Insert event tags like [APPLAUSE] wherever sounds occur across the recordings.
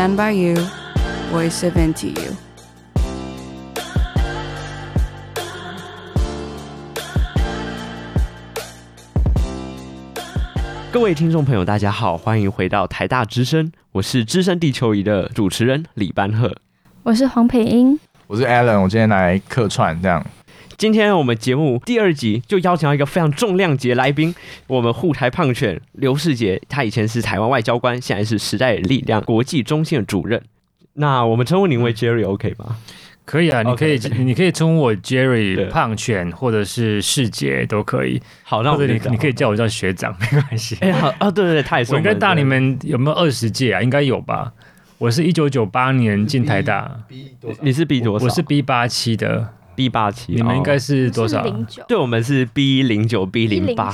Stand by you, voice of into you。各位聽眾朋友，大家好，歡迎回到台大之聲，我是之聲地球儀的主持人李班赫，我是黃培英，我是 Alan，我今天來客串這樣。今天我們節目第二集就邀請到一個非常重量級的來賓，我們護台胖犬劉仕傑，他以前是台灣外交官，現在是時代力量國際中心的主任。那我們稱呼您為 Jerry OK 嗎？可以啊，你可以 OK, 你可以稱呼我 Jerry 對胖犬或者是仕傑都可以。好，或者你你可以叫我叫學長對沒關係。哎好啊、哦，對對對，他也是。我跟大你們有沒有二十屆啊？對應該有吧。我是一九九八年進台大，你是 B, B 多少？我是 B 八七的。B 八七，你們應該是多少？是 09, 對，我們是 B 零九 B 零八。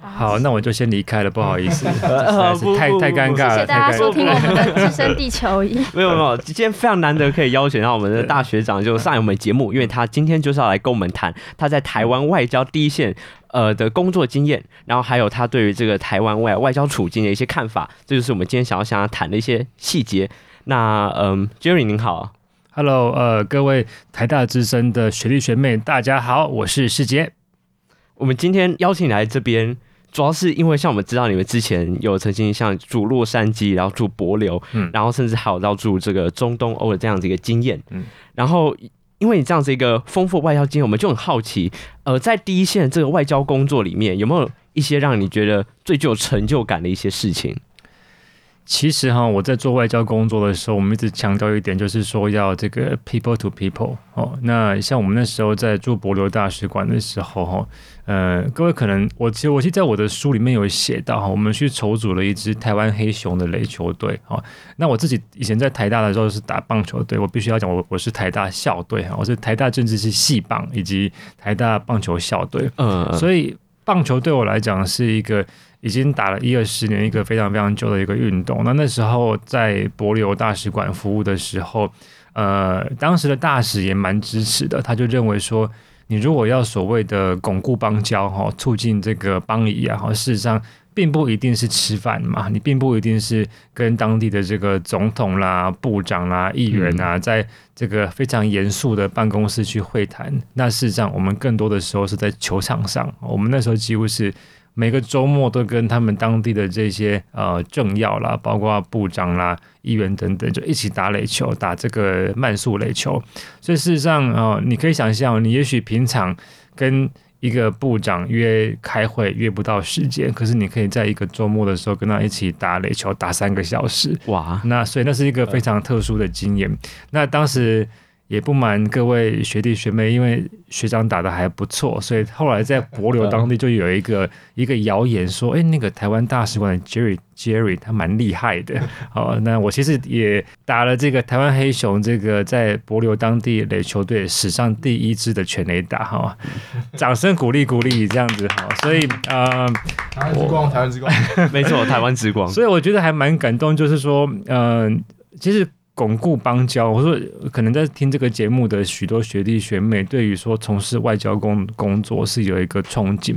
好，那我就先離開了，不好意思， [LAUGHS] 是太太尷尬了。尬了謝謝大家收聽我們的《之聲地球咦》。沒有沒有，今天非常難得可以邀請到我們的大學長，就上我們節目，因為他今天就是要來跟我們談他在台灣外交第一線呃的工作經驗，然後還有他對於這個台灣外外交處境的一些看法。這就是我們今天想要想要談的一些細節。那嗯、呃、，Jerry 您好。Hello，呃，各位台大資深的學弟學妹，大家好，我是仕傑。我們今天邀請你來這邊，主要是因為像我們知道你們之前有曾經像駐洛杉磯，然後駐帛琉，嗯，然後甚至還有到駐這個中東歐的這樣子一個經驗，嗯，然後因為你這樣子一個豐富外交經驗，我們就很好奇，呃，在第一線這個外交工作裡面，有沒有一些讓你覺得最具有成就感的一些事情？其實哈，我在做外交工作的時候，我們一直強調一點，就是說要這個 people to people 哦。那像我們那時候在駐帛琉大使館的時候哈，呃，各位可能我其實我記得，我在我的書裡面有寫到，我們去籌組了一支台灣黑熊的壘球隊哈，那我自己以前在台大的時候是打棒球隊，我必須要講我我是台大校隊，我是台大政治系系棒以及台大棒球校隊，嗯、呃，所以棒球對我來講是一個。已經打了一二十年，一個非常非常久的一個運動。那那時候在帛琉大使館服務的時候，呃，當時的大使也蠻支持的。他就認為說，你如果要所謂的鞏固邦交哈、哦，促進這個邦誼啊，哈、哦，事實上並不一定是吃飯嘛，你並不一定是跟當地的這個總統啦、部長啦、議員啊，在這個非常嚴肅的辦公室去會談。嗯、那事實上，我們更多的時候是在球場上。我們那時候幾乎是。每個周末都跟他們當地的這些呃政要啦，包括部長啦、議員等等，就一起打壘球，打這個慢速壘球。所以事實上啊、呃，你可以想象你也許平常跟一個部長約開會約不到時間，可是你可以在一個周末的時候跟他一起打壘球，打三個小時。哇，那所以那是一個非常特殊的經驗。嗯、那當時。也不瞞各位學弟學妹，因為學長打得還不錯，所以後來在帛琉當地就有一個、啊、一個謠言說，哎、欸，那個台灣大使館的 Jerry Jerry 他蠻厲害的。 [LAUGHS] 好，那我其實也打了這個台灣黑熊，這個在帛琉當地壘球隊史上第一支的全壘打哈，掌聲鼓勵鼓勵這樣子哈。所以，嗯、呃，台灣之光，我台灣之光， [LAUGHS] 沒錯，台灣之光。 [LAUGHS] 所以我覺得還蠻感動，就是說，嗯、呃，其實。鞏固邦交。我說可能在聽這個節目的許多學弟學妹，對於說從事外交工工作是有一個憧憬，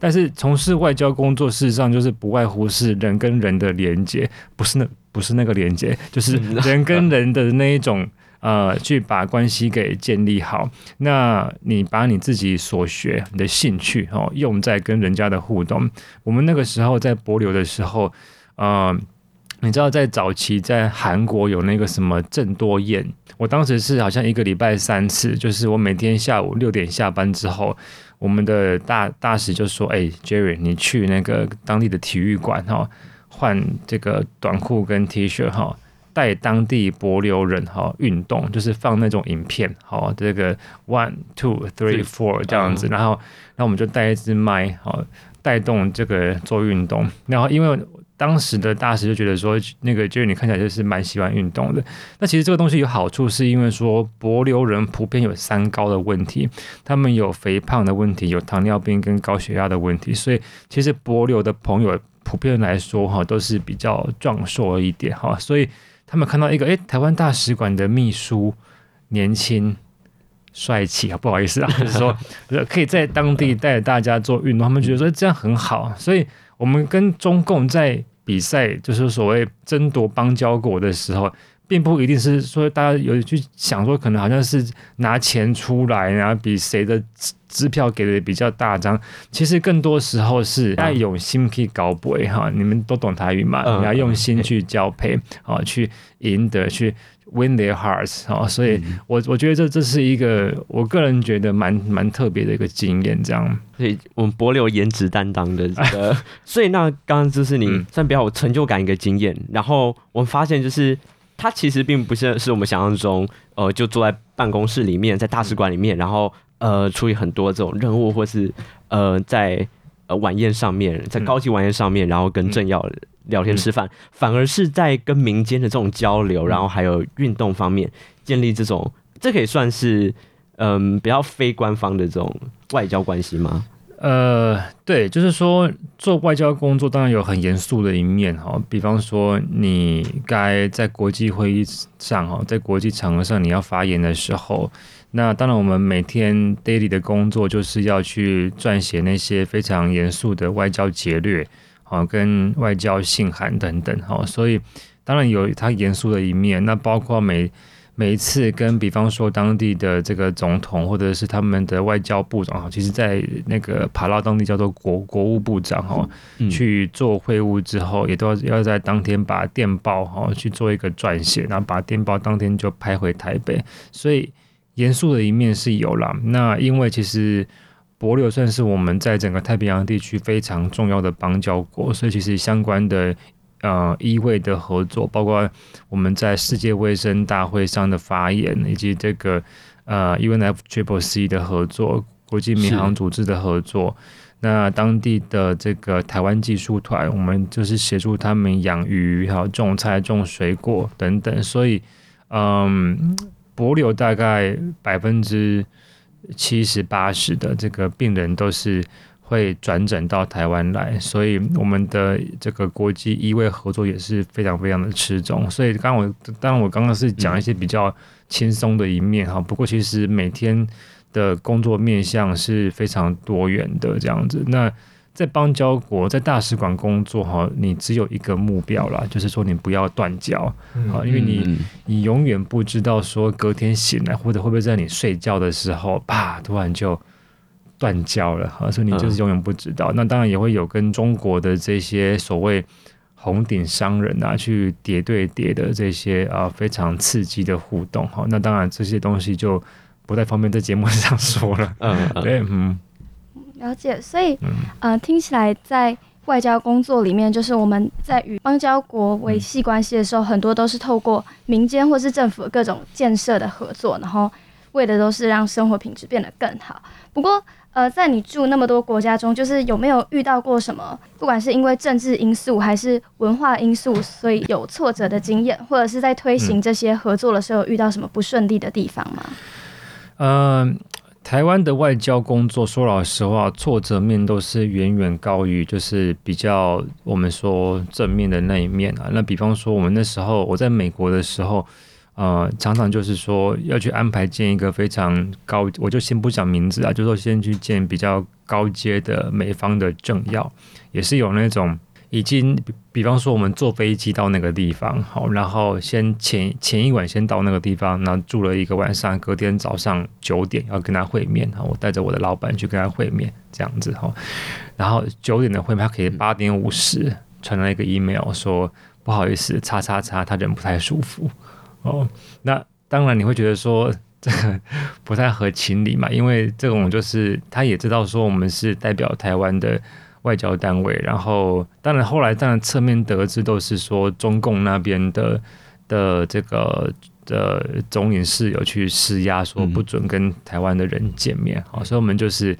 但是從事外交工作事實上就是不外乎是人跟人的連接，不是那不是那個連接，就是人跟人的那一種 [LAUGHS] 呃，去把關係給建立好。那你把你自己所學、你的興趣哦，用在跟人家的互動。我們那個時候在帛琉的時候，嗯、呃。你知道在早期在韓國有那個什麼鄭多燕，我當時是好像一個禮拜三次，就是我每天下午六點下班之後，我們的大大使就說：“誒、欸、Jerry，你去那個當地的體育館哈，換這個短褲跟 T 恤哈，帶當地帛琉人哈運動，就是放那種影片哈，這個 one two three four 這樣子，嗯、然後，然後我們就帶一支麥好帶動這個做運動，然後因為。”當時的大使就覺得說，那個就是你看起來就是蠻喜歡運動的。那其實這個東西有好處，是因為說帛琉人普遍有三高的問題，他們有肥胖的問題，有糖尿病跟高血壓的問題。所以其實帛琉的朋友普遍來說哈，都是比較壯碩一點哈。所以他們看到一個，誒，台灣大使館的秘書年輕帥氣啊，不好意思啊， [LAUGHS] 是說可以在當地帶着大家做運動，他們覺得說這樣很好。所以我們跟中共在。比賽就是所謂爭奪邦交國的時候，並不一定是說大家有去想說，可能好像是拿錢出來，然後比誰的支票給的比較大張。其實更多時候是愛用心可以搞鬼。哈、嗯，你們都懂台語嘛？嗯、你要用心去交配，啊，去贏得去。Win their hearts 啊，所以我我覺得這這是一個我個人覺得蠻蠻特別的一個經驗，這樣。所以我們帛琉顏值擔當的、這個， [LAUGHS] 所以那剛剛就是你算比較有成就感一個經驗。然後我們發現就是他其實並不是是我們想象中，呃，就坐在辦公室裡面，在大使館裡面，然後呃，處理很多這種任務，或是呃，在晚宴上面，在高級晚宴上面，然後跟政要。嗯聊天吃飯，反而是在跟民間的這種交流，嗯、然後還有運動方面建立這種，這可以算是嗯比較非官方的這種外交關係嗎？呃，對，就是說做外交工作當然有很嚴肅的一面哈、哦，比方說你該在國際會議上哈，在國際場合上你要發言的時候，那當然我們每天 daily 的工作就是要去撰寫那些非常嚴肅的外交節略。跟外交信函等等，所以當然有它嚴肅的一面。那包括每每一次跟，比方說當地的這個總統，或者是他們的外交部長，其實，在那個帛琉當地叫做國國務部長，哈，去做會晤之後，嗯、也都要要在當天把電報，哈，去做一個撰寫，然後把電報當天就拍回台北。所以嚴肅的一面是有了。那因為其實。帛琉算是我們在整個太平洋地區非常重要的邦交國，所以其實相關的呃，醫衛的合作，包括我們在世界衛生大會上的發言，以及這個呃，UNFCCC 的合作，國際民航組織的合作，是那當地的這個台灣技術團，我們就是協助他們養魚、還有種菜、種水果等等，所以嗯，帛琉大概百分之七十八十的這個病人都是會轉診到台灣來，所以我們的這個國際醫衛合作也是非常非常的吃重。所以剛我當然我剛剛是講一些比較輕鬆的一面哈、嗯，不過其實每天的工作面向是非常多元的這樣子。那在邦交國，在大使館工作哈，你只有一個目標了，就是說你不要斷交啊，嗯、因為你、嗯、你永遠不知道說隔天醒來或者會不會在你睡覺的時候，啪突然就斷交了哈，所以你就是永遠不知道。嗯、那當然也會有跟中國的這些所謂紅頂商人啊，去諜對諜的這些啊非常刺激的互動哈。那當然這些東西就不太方便在節目上說了，嗯嗯。對嗯了解，所以，呃，聽起來在外交工作裡面，就是我們在與邦交國維繫關係的時候，嗯，很多都是透過民間或是政府各種建設的合作，然後為的都是讓生活品質變得更好。不過，呃，在你住那麼多國家中，就是有沒有遇到過什麼，不管是因為政治因素還是文化因素，所以有挫折的經驗，或者是在推行這些合作的時候遇到什麼不順利的地方嗎？嗯。嗯台灣的外交工作，說老實話，挫折面都是遠遠高於就是比較我們說正面的那一面啊。那比方說，我們那時候我在美國的時候，呃，常常就是說要去安排見一個非常高，我就先不講名字啊，就說先去見比較高階的美方的政要，也是有那種。已經比比方說，我們坐飛機到那個地方，好，然後先前前一晚先到那個地方，然後住了一個晚上，隔天早上九點要跟他會面，好，我帶着我的老板去跟他會面，這樣子，好，然後九點的會面他可以八點五十傳了一個 email 說不好意思，叉叉叉，他人不太舒服，哦，那當然你會覺得說這個不太合情理嘛，因為這種就是他也知道說我們是代表台灣的。外交單位，然後當然後來當然側面得知都是說中共那邊的的這個的總領事有去施壓，說不准跟台灣的人見面。嗯、好，所以我們就是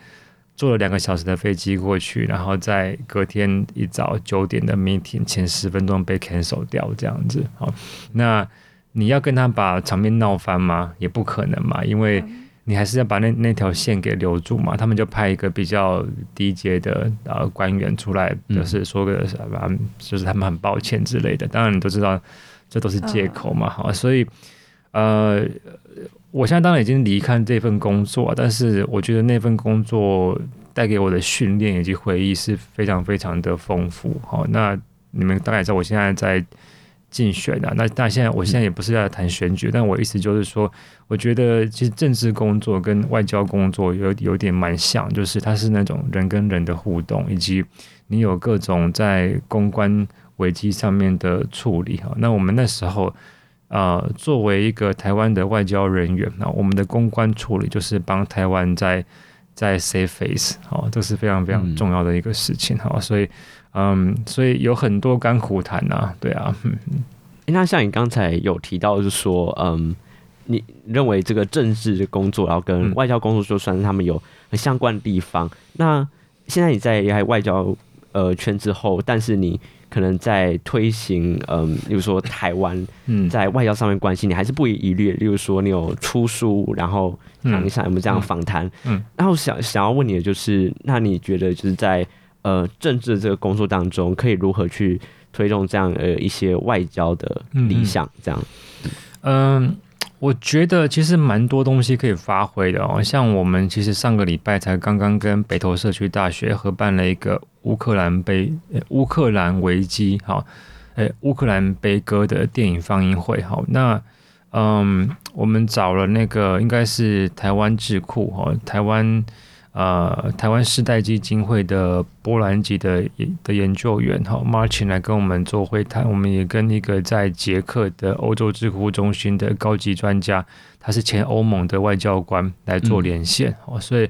坐了兩個小時的飛機過去，然後在隔天一早九點的 meeting 前十分鐘被 cancel 掉這樣子。好，那你要跟他把場面鬧翻嗎？也不可能嘛，因為。你還是要把那那條線給留住嘛。他們就派一個比較低階的呃官員出來，就是說個什麼，就是他們很抱歉之類的。嗯、當然你都知道，這都是借口嘛。好、啊，所以呃，我現在當然已經離開這份工作，但是我覺得那份工作帶給我的訓練以及回憶是非常非常的豐富。好，那你們大概也知道，我現在在。競選的、啊、那，但現在我現在也不是在談選舉，嗯、但我意思就是說，我覺得其實政治工作跟外交工作有有點蠻像，就是它是那種人跟人的互動，以及你有各種在公關危機上面的處理哈。那我們那時候呃，作為一個台灣的外交人員，那我們的公關處理就是幫台灣在在 save face，好，這是非常非常重要的一個事情哈、嗯，所以。嗯，um, 所以有很多甘苦談吶、啊，對啊。欸、那像你剛才有提到，就是說，嗯，你認為這個政治的工作，然後跟外交工作，就算是他們有很相關的地方。嗯、那現在你在外交呃圈之後，但是你可能在推行，嗯，例如說台灣、嗯、在外交上面關係，你還是不遺餘力。例如說，你有出書，然後嗯，想有沒有這樣訪談、嗯？嗯，然後想想要問你的就是，那你覺得就是在。呃，政治這個工作當中，可以如何去推動這樣呃一些外交的理想？這樣，嗯，我覺得其實蠻多東西可以發揮的哦。像我們其實上個禮拜才剛剛跟北投社區大學合辦了一個烏克蘭悲、烏、欸、克蘭危機，哈，哎、欸，烏克蘭悲歌的電影放映會，好，那嗯、呃，我們找了那個應該是台灣智庫，哈、哦，台灣。呃，台灣世代基金會的波蘭籍的的研究員哈、哦、Martin 來跟我們做會談。我們也跟一個在捷克的歐洲智庫中心的高級專家，他是前歐盟的外交官來做連線。哦、嗯，所以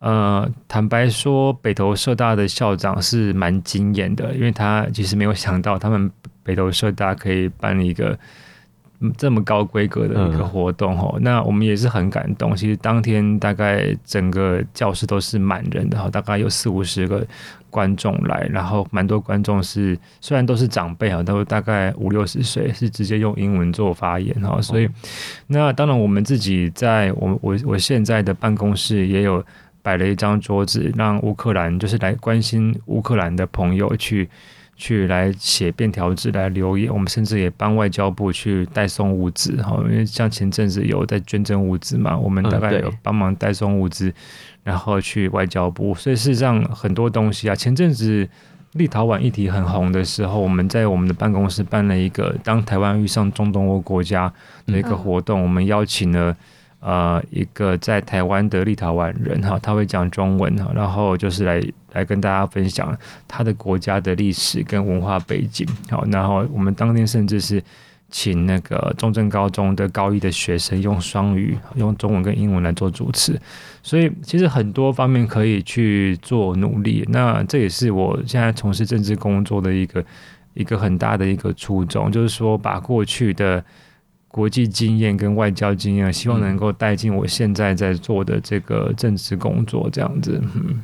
呃，坦白說，北投社大的校長是蠻驚艷的，因為他其實沒有想到，他們北投社大可以辦一個。這麼高規格的一個活動哦，嗯，那我們也是很感動。其實當天大概整個教室都是滿人的哈，大概有四五十個觀眾來，然後蠻多觀眾是雖然都是長輩啊，但都大概五六十歲，是直接用英文做發言哈。所以，哦，那當然我們自己在我我我現在的辦公室也有擺了一張桌子，讓烏克蘭就是來關心烏克蘭的朋友去。去來寫便條紙來留言，我們甚至也幫外交部去代送物資哈，因為像前陣子有在捐贈物資嘛，我們大概有幫忙代送物資，嗯、然後去外交部，所以事實上很多東西啊，前陣子立陶宛議題很紅的時候，我們在我們的辦公室辦了一個“當台灣遇上中東歐國家”的一個活動，嗯、我們邀請了。呃，一個在台灣的立陶宛人哈，他會講中文哈，然後就是來來跟大家分享他的國家的歷史跟文化背景。好，然後我們當天甚至是請那個中正高中的高一的學生用雙語，用中文跟英文來做主持。所以其實很多方面可以去做努力。那這也是我現在從事政治工作的一個一個很大的一個初衷，就是說把過去的。國際經驗跟外交經驗，希望能夠帶進我現在在做的這個政治工作，這樣子。嗯，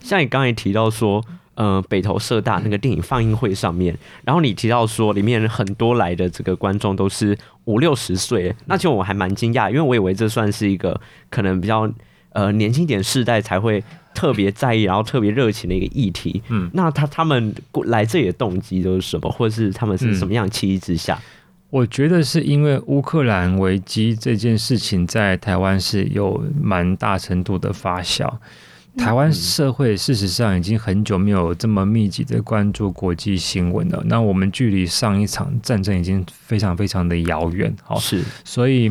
像你剛才提到說，呃，北投社大那個電影放映會上面，然後你提到說，裡面很多來的這個觀眾都是五六十歲，那其實我還蠻驚訝，因為我以為這算是一個可能比較呃年輕一點的世代才會特別在意，然後特別熱情的一個議題。嗯，那他他們來這裡的動機都是什麼，或者是他們是什麼樣的契機之下？嗯我覺得是因為烏克蘭危機這件事情在台灣是有蠻大程度的發酵，台灣社會事實上已經很久沒有這麼密集的關注國際新聞了。那我們距離上一場戰爭已經非常非常的遙遠，好，是，所以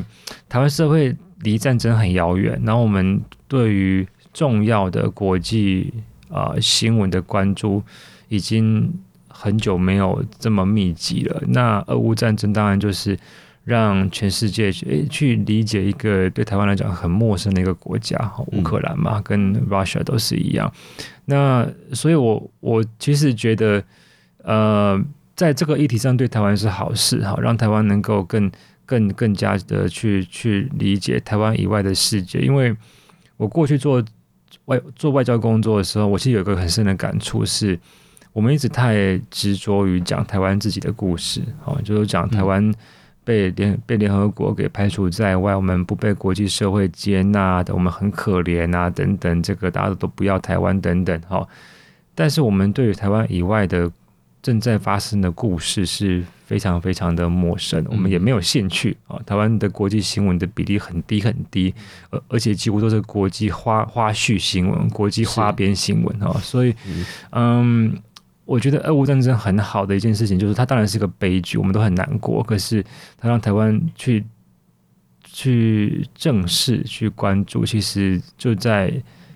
台灣社會離戰爭很遙遠。然後我們對於重要的國際啊、呃、新聞的關注已經很久沒有這麼密集了。那俄烏戰爭當然就是讓全世界去誒去理解一個對台灣來講很陌生的一個國家，烏克蘭嘛，嗯、跟 Russia 都是一樣。那所以我，我我其實覺得，呃，在這個議題上對台灣是好事哈，讓台灣能夠更更更加的去去理解台灣以外的世界。因為我過去做外做外交工作的時候，我其實有一個很深的感觸是。我們一直太執着於講台灣自己的故事，好，就是講台灣被聯被聯合國給排除在外，我們不被國際社會接納的，我們很可憐啊，等等，這個大家都不要台灣等等，好，但是我們對於台灣以外的正在發生的故事是非常非常的陌生，我們也沒有興趣啊。台灣的國際新聞的比例很低很低，而而且幾乎都是國際花花絮新聞、國際花邊新聞啊，是所以，嗯。嗯我覺得俄烏戰爭很好的一件事情，就是它當然是個悲劇，我們都很難過。可是它讓台灣去去正視、去關注，其實就在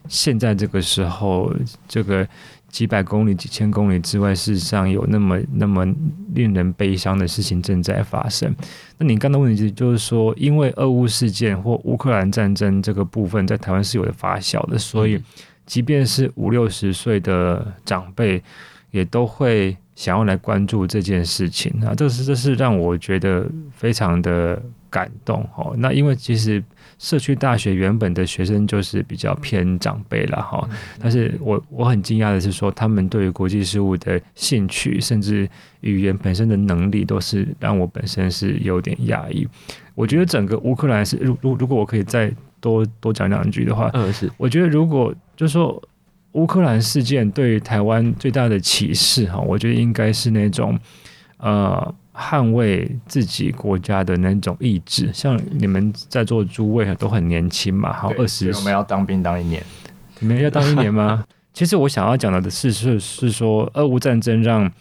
現在這個時候，這個幾百公里、幾千公里之外，事實上有那麼那麼令人悲傷的事情正在發生。那你剛剛的問題就是說，因為俄烏事件或烏克蘭戰爭這個部分，在台灣是有的發酵的，所以即便是五六十歲的長輩。也都會想要來關注這件事情啊，這是這是讓我覺得非常的感動哈。那因為其實社區大學原本的學生就是比較偏長輩了哈，但是我我很驚訝的是說，他們對於國際事務的興趣，甚至語言本身的能力，都是讓我本身是有點訝異。我覺得整個烏克蘭是，如如如果我可以再多多講兩句的話，嗯，是，我覺得如果就說。烏克蘭事件對台灣最大的啟示，哈，我覺得應該是那種，呃，捍衛自己國家的那種意志。像你們在座諸位都很年輕嘛，還有二十，對我們要當兵當一年，你們要當一年嗎？ [LAUGHS] 其實我想要講到的是，是是說，俄烏戰爭讓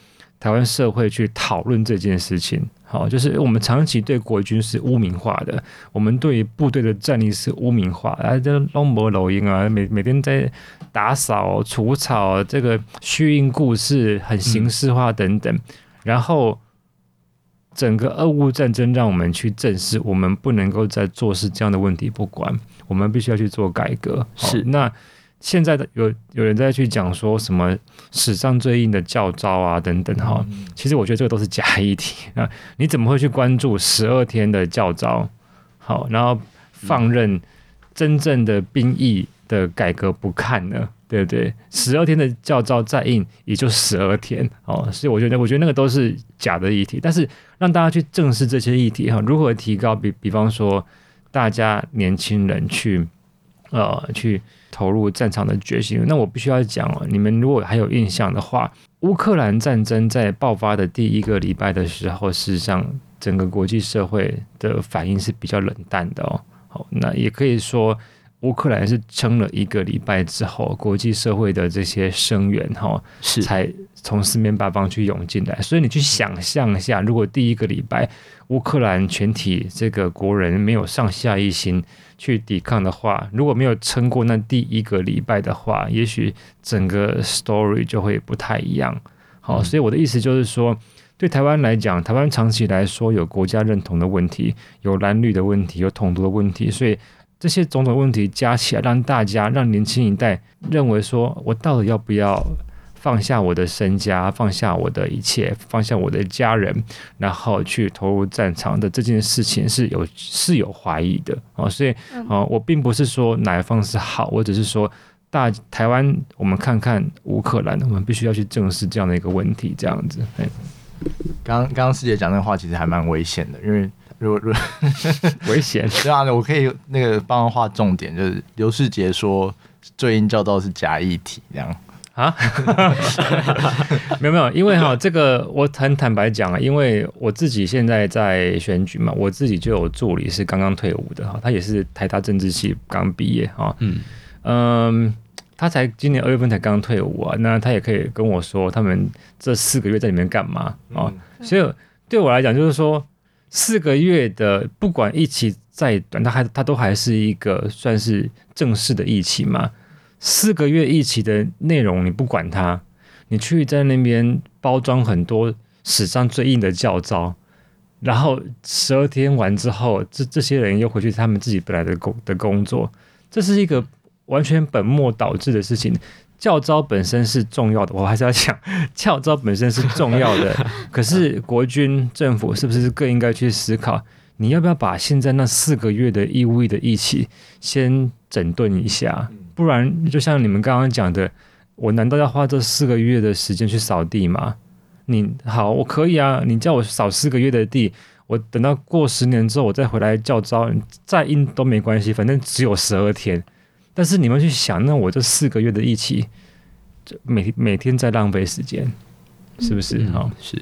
台灣社會去討論這件事情。好，就是我們長期對國軍是污名化的，我們對部隊的戰力是污名化，啊，這弄模弄影啊，每每天在打掃除草，這個虛應故事很形式化等等，嗯、然後整個俄烏戰爭讓我們去正視，我們不能夠再做事這樣的問題，不管我們必須要去做改革，是那。現在的有有人在去講說什麼史上最硬的教召啊等等哈，嗯、其實我覺得這個都是假議題啊。你怎麼會去關注十二天的教召？好、啊，然後放任真正的兵役的改革不看呢？嗯、對不對？十二天的教召再硬，也就十二天哦、啊。所以我覺得，我覺得那個都是假的議題。但是讓大家去正視這些議題哈、啊，如何提高？比比方說，大家年輕人去呃去。投入戰場的決心。那我必須要講哦、啊，你們如果還有印象的話，烏克蘭戰爭在爆發的第一個禮拜的時候，事實上整個國際社會的反應是比較冷淡的哦。好，那也可以說。烏克蘭是撐了一個禮拜之後，國際社會的這些聲援哈、哦，是才從四面八方去湧進來。所以你去想象一下，如果第一個禮拜烏克蘭全體這個國人沒有上下一心去抵抗的話，如果沒有撐過那第一個禮拜的話，也許整個 story 就會不太一樣。好、嗯，所以我的意思就是說，對台灣來講，台灣長期來說有國家認同的問題，有藍綠的問題，有統獨的問題，所以。這些種種問題加起來，讓大家、讓年輕一代認為說：“我到底要不要放下我的身家，放下我的一切，放下我的家人，然後去投入戰場的這件事情是有是有懷疑的啊。”哦，所以啊、哦，我並不是說哪一方是好，我只是說大台灣，我們看看烏克蘭，我們必須要去正視這樣的一個問題。這樣子，剛，剛剛剛師姐講那話其實還蠻危險的，因為。如如危險，是啊，我可以那個幫他畫重點，就是劉仕傑說，最近教導是假議題，這樣啊？沒 [LAUGHS] 有 [LAUGHS] [LAUGHS] 沒有，因為哈、哦，這個我很坦白講啊，因為我自己現在在選舉嘛，我自己就有助理是剛剛退伍的哈，他也是台大政治系剛畢業哈，哦、嗯，嗯，他才今年二月份才剛剛退伍啊，那他也可以跟我說他們這四個月在裡面幹嘛啊？哦嗯、所以對我來講就是說。四個月的不管役期再短，它還它都還是一個算是正式的役期嘛？四個月役期的內容你不管它，你去在那邊包裝很多史上最硬的教召，然後十二天完之後，這這些人又回去他們自己本來的工的工作，這是一個完全本末倒置的事情。教召本身是重要的，我還是要講，教召本身是重要的。 [LAUGHS] 可是國軍政府是不是更應該去思考，你要不要把現在那四個月的意、e、味、e、的役期先整頓一下？不然就像你們剛剛講的，我難道要花這四個月的時間去掃地嗎？你好，我可以啊，你叫我掃四個月的地，我等到過十年之後，我再回來教召，再硬都沒關係，反正只有十二天。但是你們去想，那我這四個月的疫情，就每每天在浪費時間，是不是？嗯、好是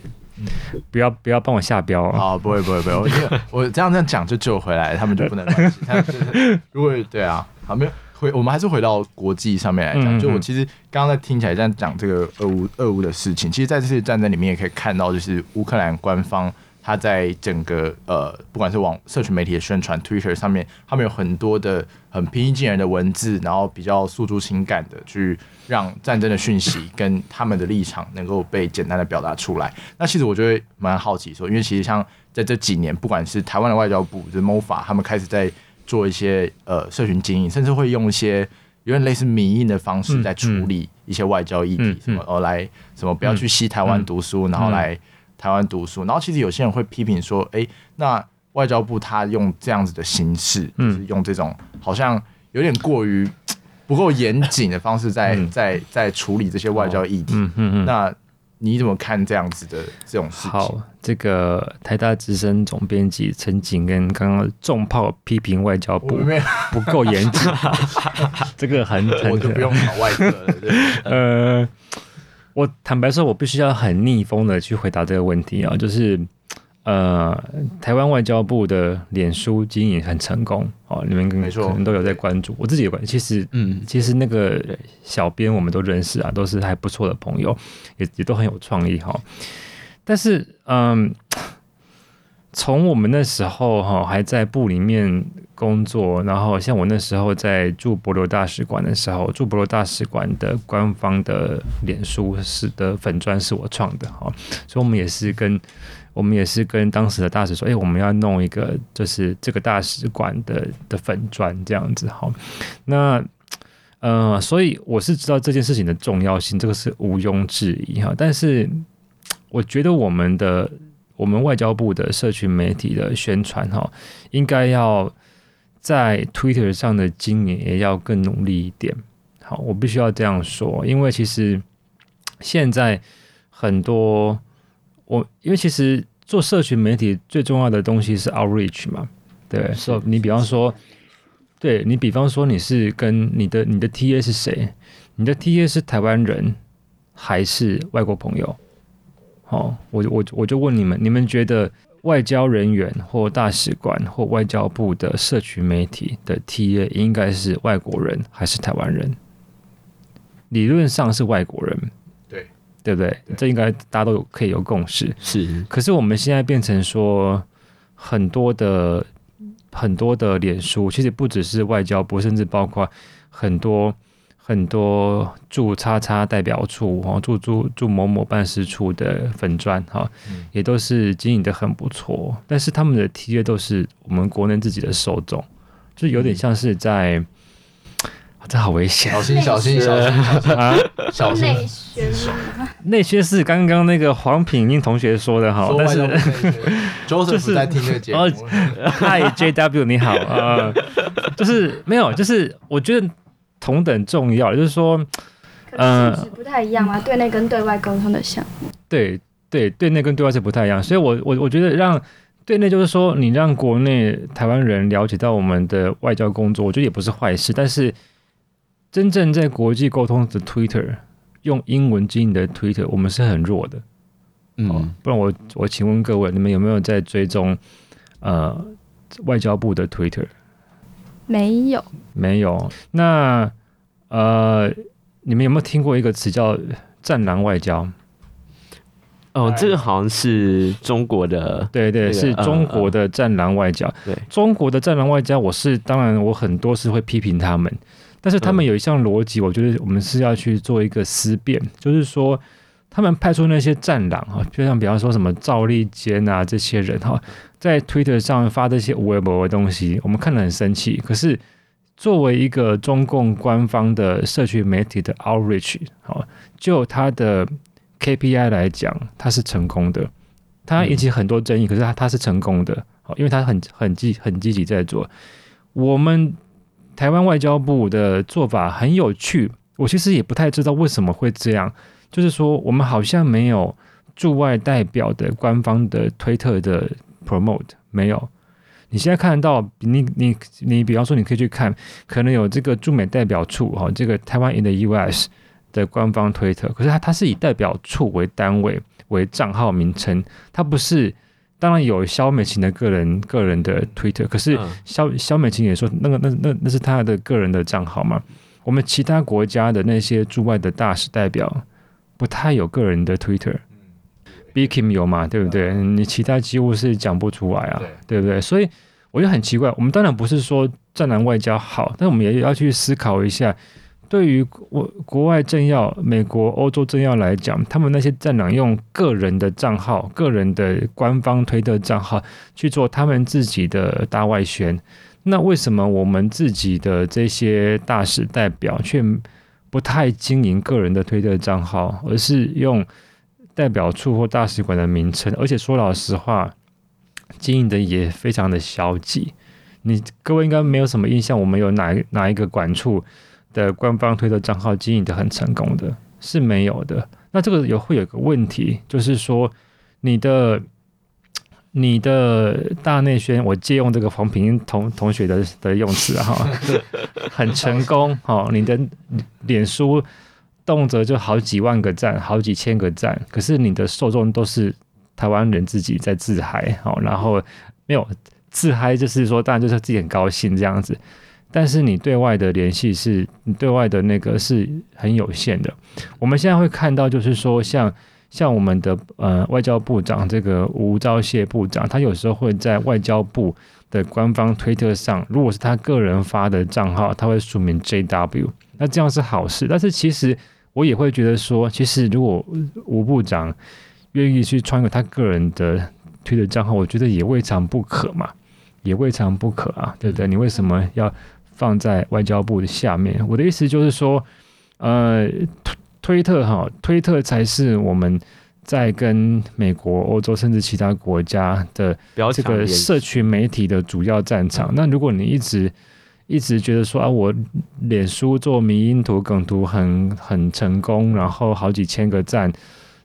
不，不要不要幫我下標啊、哦！不會不會不會，我 [LAUGHS] 我這樣這樣講就救回來，他們就不能、 [LAUGHS] 就是。如果對啊，好，沒有回，我們還是回到國際上面來講。嗯嗯，就我其實剛剛在聽起來在講這個俄烏俄烏的事情，其實在這次戰爭裡面也可以看到，就是烏克蘭官方。他在整個呃，不管是網社群媒體的宣傳，Twitter 上面，他們有很多的很平易近人的文字，然後比較訴諸情感的，去讓戰爭的訊息跟他們的立場能夠被簡單的表達出來。 [LAUGHS] 那其實我就會蠻好奇說，因為其實像在這幾年，不管是台灣的外交部，就是 MOFA，他們開始在做一些呃社群經營，甚至會用一些有點類似民意的方式在處理一些外交議題，嗯嗯、什麼而來，什麼不要去西台灣讀書，嗯嗯、然後來。台灣讀書，然後其實有些人會批評說，哎、欸，那外交部他用這樣子的形式，嗯，用這種好像有點過於不夠嚴謹的方式在，嗯、在在在處理這些外交議題。嗯嗯、哦、嗯。嗯嗯，那你怎麼看這樣子的這種事情？好，這個台大資深總編輯陳景跟剛剛重炮批評外交部不夠嚴謹，這個很很我就不用考外科了， [LAUGHS] 對。呃我坦白說，我必須要很逆風的去回答這個問題啊，就是，呃，台灣外交部的臉書經營很成功，哦，你們可能都有在關注，沒錯，我自己有關注，其實，嗯，其實那個小編我們都認識啊，都是還不錯的朋友，也也都很有創意哈，但是，嗯。從我們那時候哈，還在部裡面工作，然後像我那時候在駐帛琉大使館的時候，駐帛琉大使館的官方的臉書是的粉專是我創的哈，所以我們也是跟我們也是跟當時的大使說，誒、欸，我們要弄一個就是這個大使館的的粉專這樣子哈，那呃，所以我是知道這件事情的重要性，這個是毋庸置疑哈，但是我覺得我們的。我們外交部的社群媒體的宣傳，哦，哈，應該要在 Twitter 上的經營也要更努力一點。好，我必須要這樣說，因為其實現在很多我，因為其實做社群媒體最重要的東西是 Outreach 嘛，對，所以是、so, 你比方說，對你比方說你是跟你的你的 TA 是誰？你的 TA 是台灣人還是外國朋友？哦，我我我就問你們，你們覺得外交人員或大使館或外交部的社群媒體的 TA 應該是外國人還是台灣人？理論上是外國人，對對不對？對，這應該大家都可以有共識。是，可是我們現在變成說很，很多的很多的臉書，其實不只是外交部，甚至包括很多。很多駐叉叉代表處哈，駐駐駐某某辦事處的粉專哈，也都是經營得很不錯，但是他們的 T V 都是我們國內自己的受眾，就有點像是在，啊、這好危險學對，小心小心，啊啊、小心啊！內宣，那些是剛剛那個黃品英同學說的哈，說說但是就是不在聽這個 Hi J W，你好啊、 [LAUGHS] 呃，就是沒有，就是我覺得。同等重要，就是說，嗯、呃，不太一樣啊，對內跟對外溝通的項目，對對對內跟對外是不太一樣，所以我我我覺得讓對內就是說，你讓國內台灣人了解到我們的外交工作，我覺得也不是壞事。但是，真正在國際溝通的 Twitter，用英文經營的 Twitter，我們是很弱的。嗯，哦、不然我我請問各位，你們有沒有在追蹤呃外交部的 Twitter？沒有，沒有。那呃，你們有沒有聽過一個詞叫“戰狼外交”？哦，這個好像是中國的，啊、對對，這個、是中國的“戰狼外交”嗯嗯。對，中國的“戰狼外交”，我是當然，我很多是會批評他們，但是他們有一項邏輯，我覺得我們是要去做一個思辨，嗯、就是說。他們派出那些戰狼啊，就像比方說什麼趙立堅啊這些人哈，在 Twitter 上發這些微博的東西，我們看得很生氣。可是作為一個中共官方的社區媒體的 Outreach，就他的 KPI 來講，他是成功的。他引起很多爭議，嗯、可是他他是成功的，因為他很很積很積極在做。我們台灣外交部的做法很有趣，我其實也不太知道為什麼會這樣。就是說，我們好像沒有駐外代表的官方的推特的 promote 沒有。你現在看得到，你你你，你比方說，你可以去看，可能有這個駐美代表處哈，這個台灣 in the U.S. 的官方推特。可是它它是以代表處為單位為賬號名稱，它不是。當然有蕭美琴的個人個人的推特，可是蕭蕭、嗯、美琴也說，那個那那那是她的個人的賬號嘛。我們其他國家的那些駐外的大使代表。不太有個人的 Twitter，Bikin、嗯、有嘛，嗯、對不對？你其他幾乎是講不出來啊，對，對不對？所以我就很奇怪。我們當然不是說戰狼外交好，但我們也要去思考一下，對於國外政要、美國、歐洲政要來講，他們那些戰狼用個人的賬號、個人的官方推特賬號去做他們自己的大外宣，那為什麼我們自己的這些大使代表卻？不太經營個人的推特賬號，而是用代表處或大使館的名稱。而且說老實話，經營的也非常的消極。你各位應該沒有什麼印象，我們有哪哪一個館處的官方推特賬號經營的很成功的是沒有的。那這個也會有個問題，就是說你的。你的大內宣，我借用這個黃平同同學的的用詞哈， [LAUGHS] 很成功哦。你的臉書動輒就好幾萬個讚，好幾千個讚，可是你的受眾都是台灣人自己在自嗨哦。然後沒有自嗨，就是說當然就是自己很高興這樣子，但是你對外的聯繫是你對外的那個是很有限的。我們現在會看到就是說像。像我們的呃外交部長這個吳釗燮部長，他有時候會在外交部的官方推特上，如果是他個人發的賬號，他會署名 JW。那這樣是好事，但是其實我也會覺得說，其實如果吳部長願意去創一個他個人的推特賬號，我覺得也未嘗不可嘛，也未嘗不可啊，對不對？你為什麼要放在外交部的下面？我的意思就是說，呃。推特哈，推特才是我們在跟美國、歐洲甚至其他國家的這個社群媒體的主要戰場。那如果你一直一直覺得說啊，我臉書做迷因圖、梗圖很很成功，然後好幾千個讚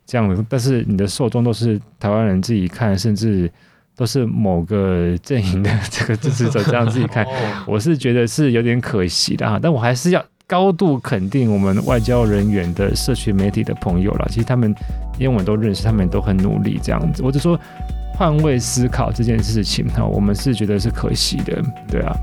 這樣子，但是你的受眾都是台灣人自己看，甚至都是某個陣營的這個支持者這樣自己看， [LAUGHS] 哦。我是覺得是有點可惜的啊。但我還是要。高度肯定我們外交人員的社群媒體的朋友啦，其實他們因為我都認識，他們都很努力這樣子。我就說換位思考這件事情，哈，我們是覺得是可惜的，對啊。